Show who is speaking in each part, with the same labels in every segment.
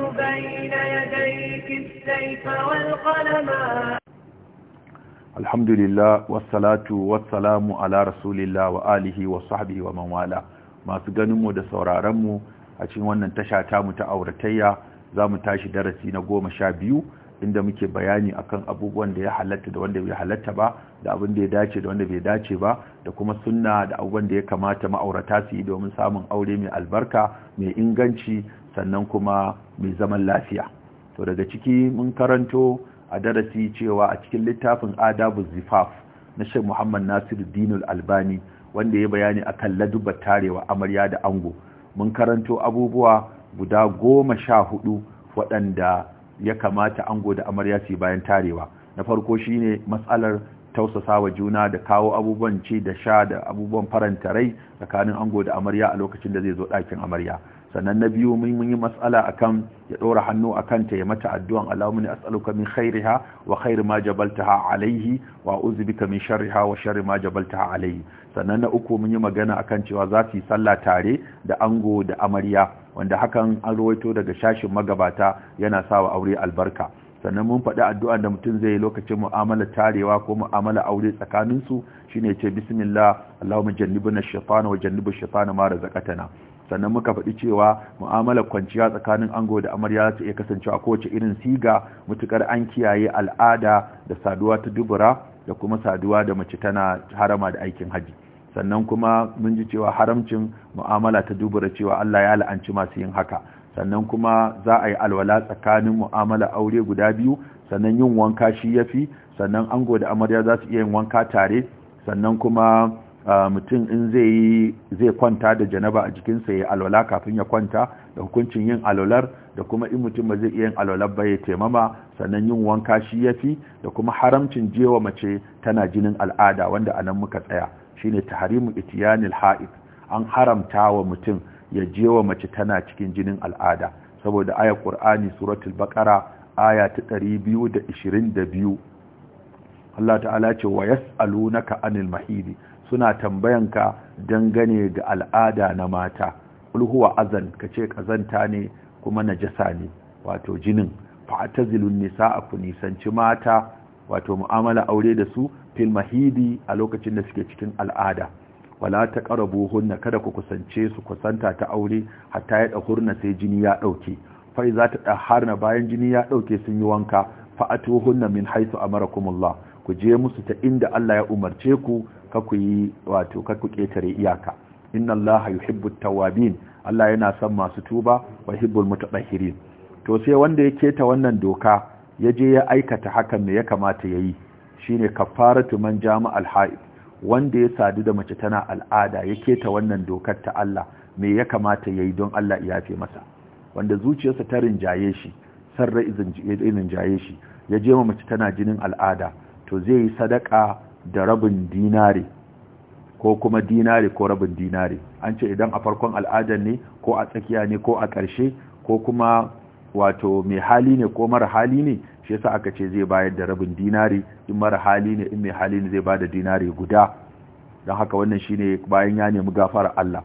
Speaker 1: وضعت بين يديك السيف والقلم الحمد لله والصلاة والسلام على رسول الله وآله وصحبه masu ganinmu da sauraronmu a cikin wannan tasha mu ta auratayya za mu tashi darasi na goma sha biyu inda muke bayani akan abubuwan da ya halatta da wanda bai halatta ba da abin da ya dace da wanda bai dace ba da kuma sunna da abubuwan da ya kamata ma'aurata su yi domin samun aure mai albarka mai inganci sannan kuma mai zaman lafiya to daga ciki mun karanto a darasi cewa a cikin littafin adabu zifaf na shek muhammad nasiru dinul albani wanda ya bayani a kan ladubar tarewa amarya da ango mun karanto abubuwa guda goma sha hudu waɗanda ya kamata ango da amarya su bayan tarewa na farko shine matsalar tausasa wa juna da kawo abubuwan ci da sha da abubuwan faranta rai tsakanin ango da amarya a lokacin da zai zo ɗakin amarya sannan na biyu mun yi matsala akan ya ɗora hannu a ta ya mata addu'an Allahumma as'aluka min khairiha wa khairi ma jabaltaha alaihi wa uzbika min sharriha wa sharri ma jabaltaha alaihi sannan na uku mun yi magana akan cewa za su yi sallah tare da ango da amarya wanda hakan an rawaito daga shashin magabata yana sa wa aure albarka sannan mun faɗi addu'an da mutum zai yi lokacin mu'amala tarewa ko mu'amala aure tsakaninsu shine ce bismillah Allahumma jannibna ash-shaytana wa jannibish-shaytana ma razaqtana sannan muka faɗi cewa mu'amalar kwanciya tsakanin ango da amarya za ta iya kasancewa a kowace irin siga mutukar an kiyaye al'ada da saduwa ta dubura da kuma saduwa da mace tana harama da aikin haji sannan kuma mun ji cewa haramcin mu'amala ta dubura cewa Allah ya la'anci masu yin haka sannan kuma za a yi alwala tsakanin mu'amala aure guda biyu sannan yin wanka shi yafi sannan ango da amarya za su iya yin wanka tare sannan kuma mutum in zai kwanta da janaba a jikinsa ya alwala kafin ya kwanta da hukuncin yin alwalar da kuma in mutum ba zai iya yin alwalar ba ya taimama sannan yin wanka shi ya fi da kuma haramcin jewa mace tana jinin al'ada wanda a nan muka tsaya shine taharimu itiyanil ha'id an haramta wa mutum ya jewa mace tana cikin jinin al'ada saboda aya qur'ani suratul baqara aya ta 222 Allah ta'ala ce wa yas'alunaka anil mahidi suna tambayanka dangane da al'ada na mata ulhuwa azan ka ce kazanta ne kuma najasa ne wato jinin nisa nisaa ku nisanci mata wato mu'amala aure da su fil mahidi a lokacin da suke cikin al'ada wala ta hunna kada ku kusance su kusanta ta aure hatta ya hurna sai jini ya dauke fai za ta daharna bayan jini ya dauke sun yi wanka fa'atuhunna min haythu amarakumullah ku je musu ta inda Allah ya umarce ku ka ku yi wato ka ku ketare iyaka inna allaha yuhibbu tawabin Allah yana son masu tuba wa yuhibbul mutatahhirin to sai wanda ya keta wannan doka ya je ya aikata hakan me ya kamata yayi shine kafaratu man jama al-haid wanda ya sadu da mace tana al'ada ya keta wannan dokar ta Allah me ya kamata yayi don Allah ya yafe masa wanda zuciyarsa ta rinjaye shi sarra izin jaye shi ya je mace tana jinin al'ada to zai yi sadaka da rabin dinari ko kuma dinari ko rabin dinari an ce idan a farkon al'adar ne ko a tsakiya ne ko a ƙarshe ko kuma wato mai hali ne ko mara hali ne shi yasa aka ce zai bayar da rabin dinari in mara hali ne in mai hali ne zai ba da dinari guda don haka wannan shine bayan ya nemi gafara Allah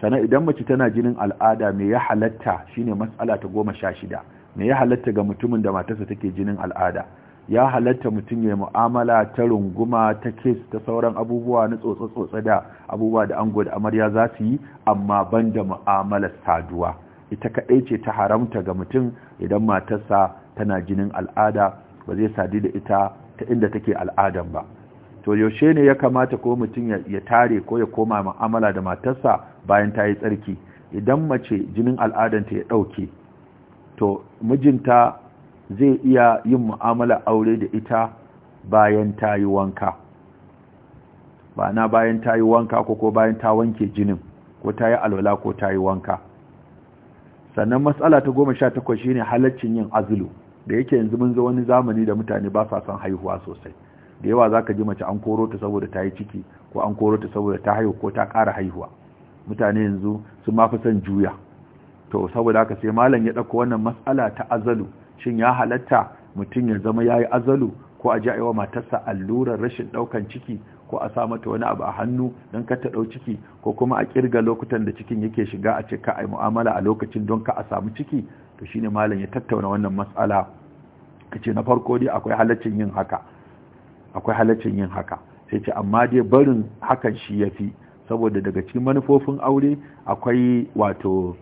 Speaker 1: sannan idan mace tana jinin al'ada me ya halatta shine matsala ta goma sha shida me ya halatta ga mutumin da matarsa take jinin al'ada ya halatta mutum ya mu'amala ta runguma ta kes ta sauran abubuwa na tsotse-tsotse da abubuwa da ango da amarya za su yi amma ban da mu'amalar saduwa ita kaɗai ce ta haramta ga mutum idan matarsa tana jinin al'ada ba zai sadu da ita ta inda take al'adan ba to yaushe ne ya kamata ko mutum ya tare ko ya koma mu'amala da matarsa bayan ta yi tsarki idan mace jinin al'adanta ya ɗauke to mijinta zai iya yin mu'amala aure da ita bayan ta yi wanka ba na bayan ta yi wanka ko bayan ta wanke jinin ko ta yi alwala ko ta yi wanka sannan matsala ta goma sha takwas shi ne halaccin yin azulu da yake yanzu mun zo wani zamani da mutane ba sa son haihuwa sosai da yawa za ka ji mace an koro ta saboda ta yi ciki ko an koro ta saboda ta haihu ko ta ƙara haihuwa mutane yanzu sun mafi son juya to saboda haka sai malam ya ɗauko wannan matsala ta azalu shin ya halatta mutum ya zama ya yi azalu ko a ji wa matarsa allurar rashin ɗaukan ciki ko a sa mata wani abu a hannu don ka ta ɗau ciki ko kuma a ƙirga lokutan da cikin yake shiga a cika a mu'amala a lokacin don ka a samu ciki to ne malam ya tattauna wannan matsala ka ce na farko dai akwai halaccin yin haka akwai halaccin yin haka sai ce amma dai barin hakan shi ya fi saboda daga cikin manufofin aure akwai wato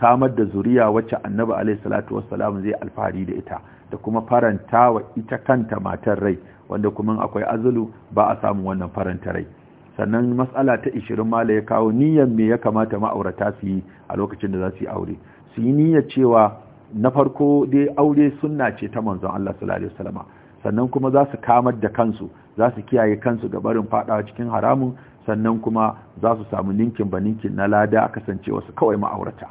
Speaker 1: samar da zuriya wacce annabi alaihi salatu wassalam zai alfahari da ita da kuma faranta wa ita kanta matar rai wanda kuma akwai azulu ba a samu wannan faranta rai sannan matsala ta 20 mala ya kawo niyyar me ya kamata ma'aurata su yi a lokacin da za su yi aure su yi niyyar cewa na farko dai aure sunna ce ta manzon Allah sallallahu alaihi wasallam sannan kuma za su kamar da kansu za su kiyaye kansu ga barin fadawa cikin haramun sannan kuma za su samu ninkin ba ninkin na lada kasancewa su kawai ma'aurata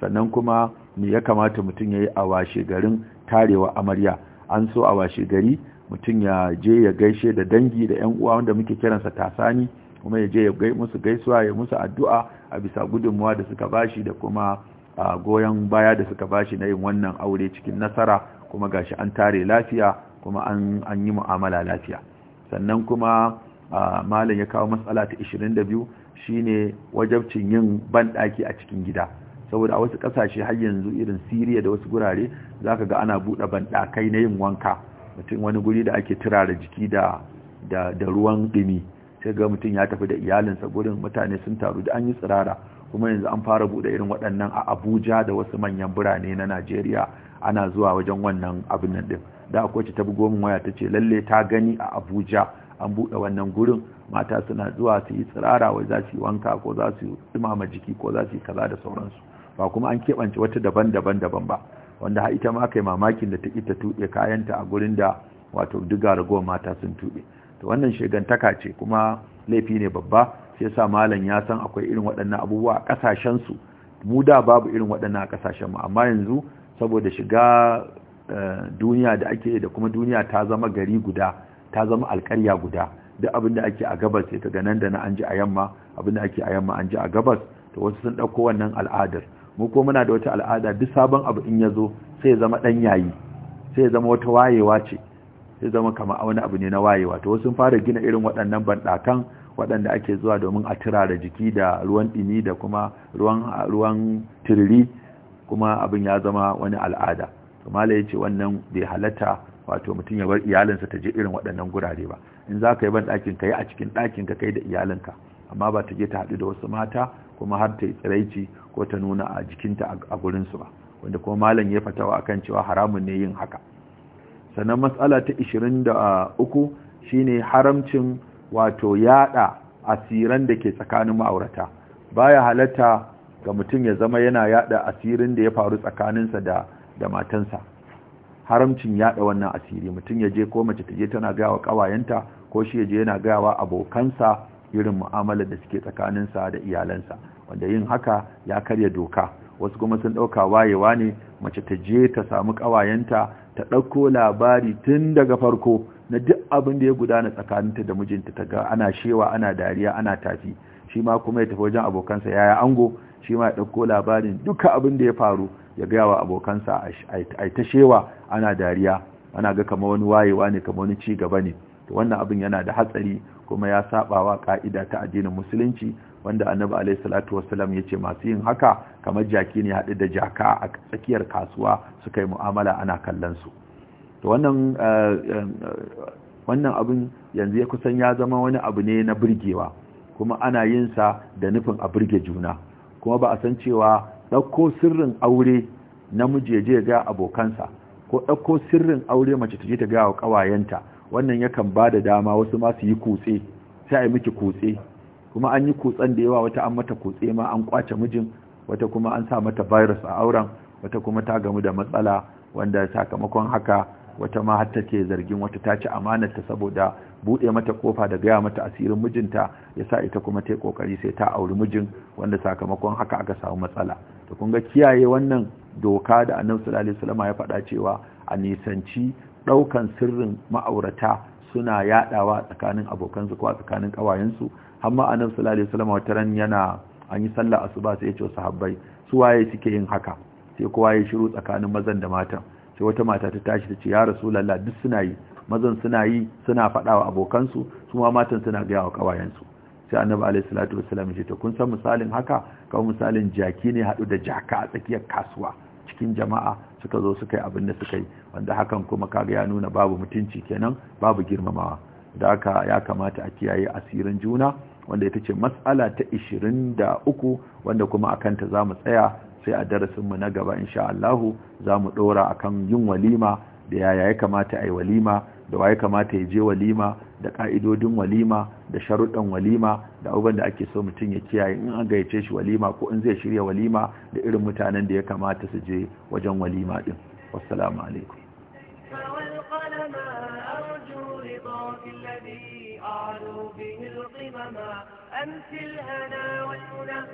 Speaker 1: sannan kuma me ya kamata mutum ya yi a washe garin tarewa amarya an so a washe gari mutum ya je ya gaishe da dangi da 'yan uwa wanda muke kiransa tasani kuma ya je ya gai musu gaisuwa ya musu addu'a a bisa gudunmuwa da suka bashi da kuma goyon baya da suka bashi na yin wannan aure cikin nasara kuma gashi an tare lafiya kuma an yi mu'amala lafiya sannan kuma malam ya kawo matsala ta 22 shine wajabcin yin banɗaki a cikin gida saboda a wasu kasashe har yanzu irin Siriya da wasu gurare za ka ga ana buɗe banɗakai na yin wanka mutum wani guri da ake turara jiki da da ruwan dumi sai ga mutum ya tafi da iyalinsa gurin mutane sun taru da an yi tsirara kuma yanzu an fara bude irin waɗannan a abuja da wasu manyan birane na najeriya ana zuwa wajen wannan abin nan din da akwai ta bugo min waya ta ce lalle ta gani a abuja an buɗe wannan gurin mata suna zuwa su yi tsirara wai za su yi wanka ko za su dumama jiki ko za su yi kaza da sauransu ba kuma an keɓance wata daban-daban daban ba wanda har ita ma kai mamakin da ta ita tuɗe kayanta a gurin da wato duk ragowar mata sun tuɗe to wannan shegantaka ce kuma laifi ne babba sai sa malam ya san akwai irin waɗannan abubuwa a kasashen su mu da babu irin waɗannan a kasashen mu amma yanzu saboda shiga eh, duniya da ake da kuma duniya ta zama gari guda ta zama alƙarya guda duk abin da ake a gabas sai kaga nan da na an ji a yamma abin da ake a yamma an ji a gabas to wasu sun ɗauko wannan al'adar mu ko muna da wata al'ada duk sabon abu in ya zo sai ya zama ɗan yayi sai ya zama wata wayewa ce sai zama kama wani abu ne na wayewa to wasu sun fara gina irin waɗannan banɗakan waɗanda ake zuwa domin a turara jiki da ruwan ɗini da kuma ruwan tiriri kuma abin ya zama wani al'ada to ya ce wannan bai halatta wato mutum ya bar iyalinsa ta je irin waɗannan gurare ba in za ka yi ban ɗakin ka yi a cikin ɗakin ka kai da iyalinka amma ba ta je ta haɗu da wasu mata kuma har ta yi tsiraici ko ta nuna a jikinta a gurinsu ba wanda kuma malam ya fatawa akan cewa haramun ne yin haka sannan matsala ta 23 shine haramcin wato yada asiran da ke tsakanin ma'aurata baya halatta ga mutum ya zama yana yada asirin da ya faru tsakaninsa da da matansa haramcin yada wannan asiri mutum ya je ko mace ta je tana gaya wa kawayenta ko shi ya je yana gaya wa abokansa irin mu'amalar da suke tsakaninsa da iyalansa wanda yin haka ya karya doka wasu kuma sun ɗauka wayewa ne mace ta je ta samu ƙawayenta ta ɗauko labari tun daga farko na duk abin da ya gudana tsakaninta da mijinta ta ga ana shewa ana dariya ana tafi shi ma kuma ya tafi wajen abokansa yaya ango shi ma ya ɗauko labarin duka abin da ya faru ya gaya wa abokansa a ta shewa ana dariya ana ga kama wani wayewa ne kama wani ci gaba ne to wannan abin yana da hatsari kuma ya saba wa ka'ida ta addinin musulunci wanda annabi alaihi salatu ya ce masu yin haka kamar jaki ne hadu da jaka a tsakiyar kasuwa suka yi mu'amala ana kallon su to wannan eh, eh, wannan abin yanzu ya kusan ya zama wani abu ne na burgewa kuma ana yin sa da nufin a burge juna kuma ba a san cewa ɗauko sirrin aure namiji ya ga abokansa ko ɗauko sirrin aure mace ta je ta ga wa wannan yakan ba da dama wasu ma su yi kutse sai a yi miki kutse kuma an yi kutsen da yawa wata an mata kutse ma an kwace mijin wata kuma an sa mata virus a auren wata kuma ta gamu da matsala wanda sakamakon haka wata ma har ta ce zargin wata ta ci amanarta saboda buɗe mata kofa da gaya mata asirin mijinta ya sa ita kuma ta yi kokari sai ta auri mijin wanda sakamakon haka aka samu matsala to kun ga kiyaye wannan doka da annabi sallallahu alaihi wasallam ya faɗa cewa a nisanci ɗaukan sirrin ma'aurata suna yadawa tsakanin abokansu ko tsakanin ƙawayensu amma annabi sallallahu alaihi wasallam wata ran yana an yi sallah asuba sai ya ce sahabbai su waye suke yin haka sai kowa ya shiru tsakanin mazan da matan sai wata mata ta tashi ta ce ya rasulallah duk suna yi mazan suna yi suna faɗa wa abokansu su ma matan suna gaya wa kawayensu sai annabi alaihi salatu wassalam ce ta kun san misalin haka kawai misalin jaki ne haɗu da jaka a tsakiyar kasuwa cikin jama'a suka zo suka yi abin da suka yi wanda hakan kuma kaga ya nuna babu mutunci kenan babu girmamawa da haka ya kamata a kiyaye asirin juna wanda ita ce matsala ta 23 wanda kuma akan ta mu tsaya sai a darasinmu na gaba insha Allahu za mu ɗora a kan yin walima da yaya ya kamata a yi walima da ya kamata ya je walima da ƙa'idodin walima da sharuɗan walima da abubuwan da ake so mutum ya kiyaye in an gayyace shi walima ko in zai shirya walima da irin mutanen da ya kamata su je wajen walima ɗin wassalamu alaikum أنت الهنا والمنى